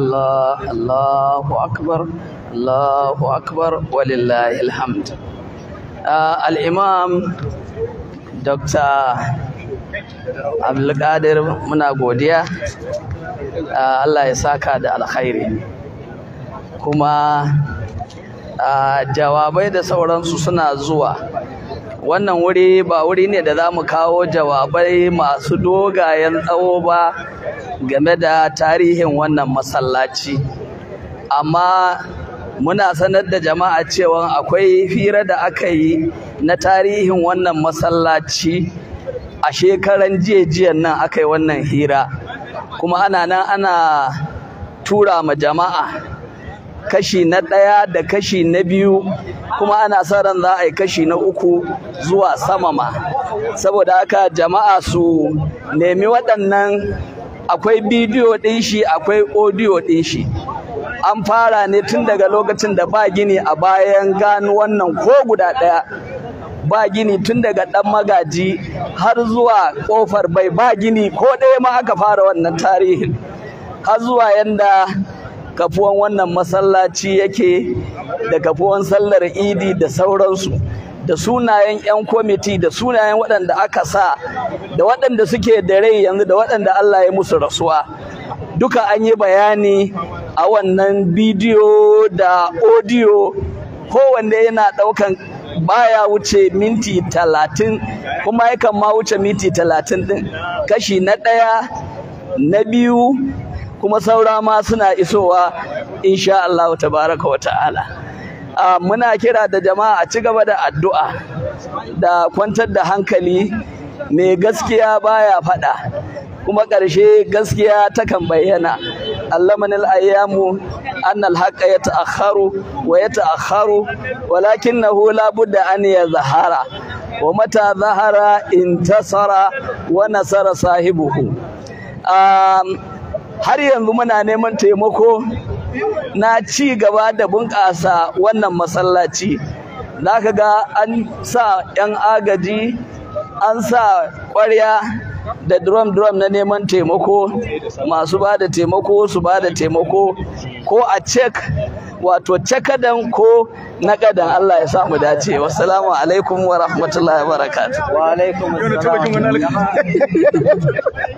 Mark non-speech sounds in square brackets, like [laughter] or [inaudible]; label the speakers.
Speaker 1: الله الله أكبر الله أكبر ولله الحمد آه Abdulkadir muna godiya uh, Allah ya saka da alkhairi kuma uh, jawabai da sauransu suna zuwa wannan wuri ba wuri ne da za mu kawo jawabai masu dogayen tsawo ba game da tarihin wannan masallaci amma muna sanar da jama'a cewa akwai hira da aka yi na tarihin wannan masallaci a shekaran jiya nan aka yi wannan hira kuma ana nan ana tura ma jama'a kashi na ɗaya da kashi na biyu kuma ana sa ran za a yi kashi na uku zuwa sama ma saboda haka jama'a su nemi waɗannan akwai bidiyo ɗin shi akwai odiyo ɗin shi an fara ne tun daga lokacin da ba gini a bayan gano wannan ko guda ɗaya ba gini tun daga ɗan magaji har zuwa ƙofar bai ba gini ko ɗaya ma aka fara wannan tarihin har zuwa yanda kafuwan wannan masallaci yake da kafuwan sallar idi da sauransu da sunayen 'yan kwamiti da sunayen waɗanda aka sa da waɗanda suke da rai yanzu da waɗanda Allah ya musu rasuwa duka an yi bayani a wannan bidiyo da odiyo kowanne yana ɗaukan baya wuce minti talatin kuma yakan ma wuce minti talatin ɗin kashi na ɗaya na biyu kuma saura ma suna isowa insha Allah tabaraka wa ta'ala muna kira da jama'a a ci gaba da addu'a da kwantar da hankali mai gaskiya baya faɗa kuma ƙarshe gaskiya takan bayyana allamanil ayyamu annal haqqa yata'akharu wa yata'akharu walakinahu la budda an Zahara, wa mata zahara intasara wa nasara sahibuhu um, har yanzu muna neman taimako na ci gaba da bunƙasa wannan masallaci za ka ga an sa 'yan agaji an sa ƙwarya da drum drum na neman taimako masu ba da taimako su ba da taimako ko a cek wato cakadan ko na kadan Allah ya sa mu dace wassalamu alaikum wa rahmatullahi wa barakatuh wa alaikum assalam [laughs]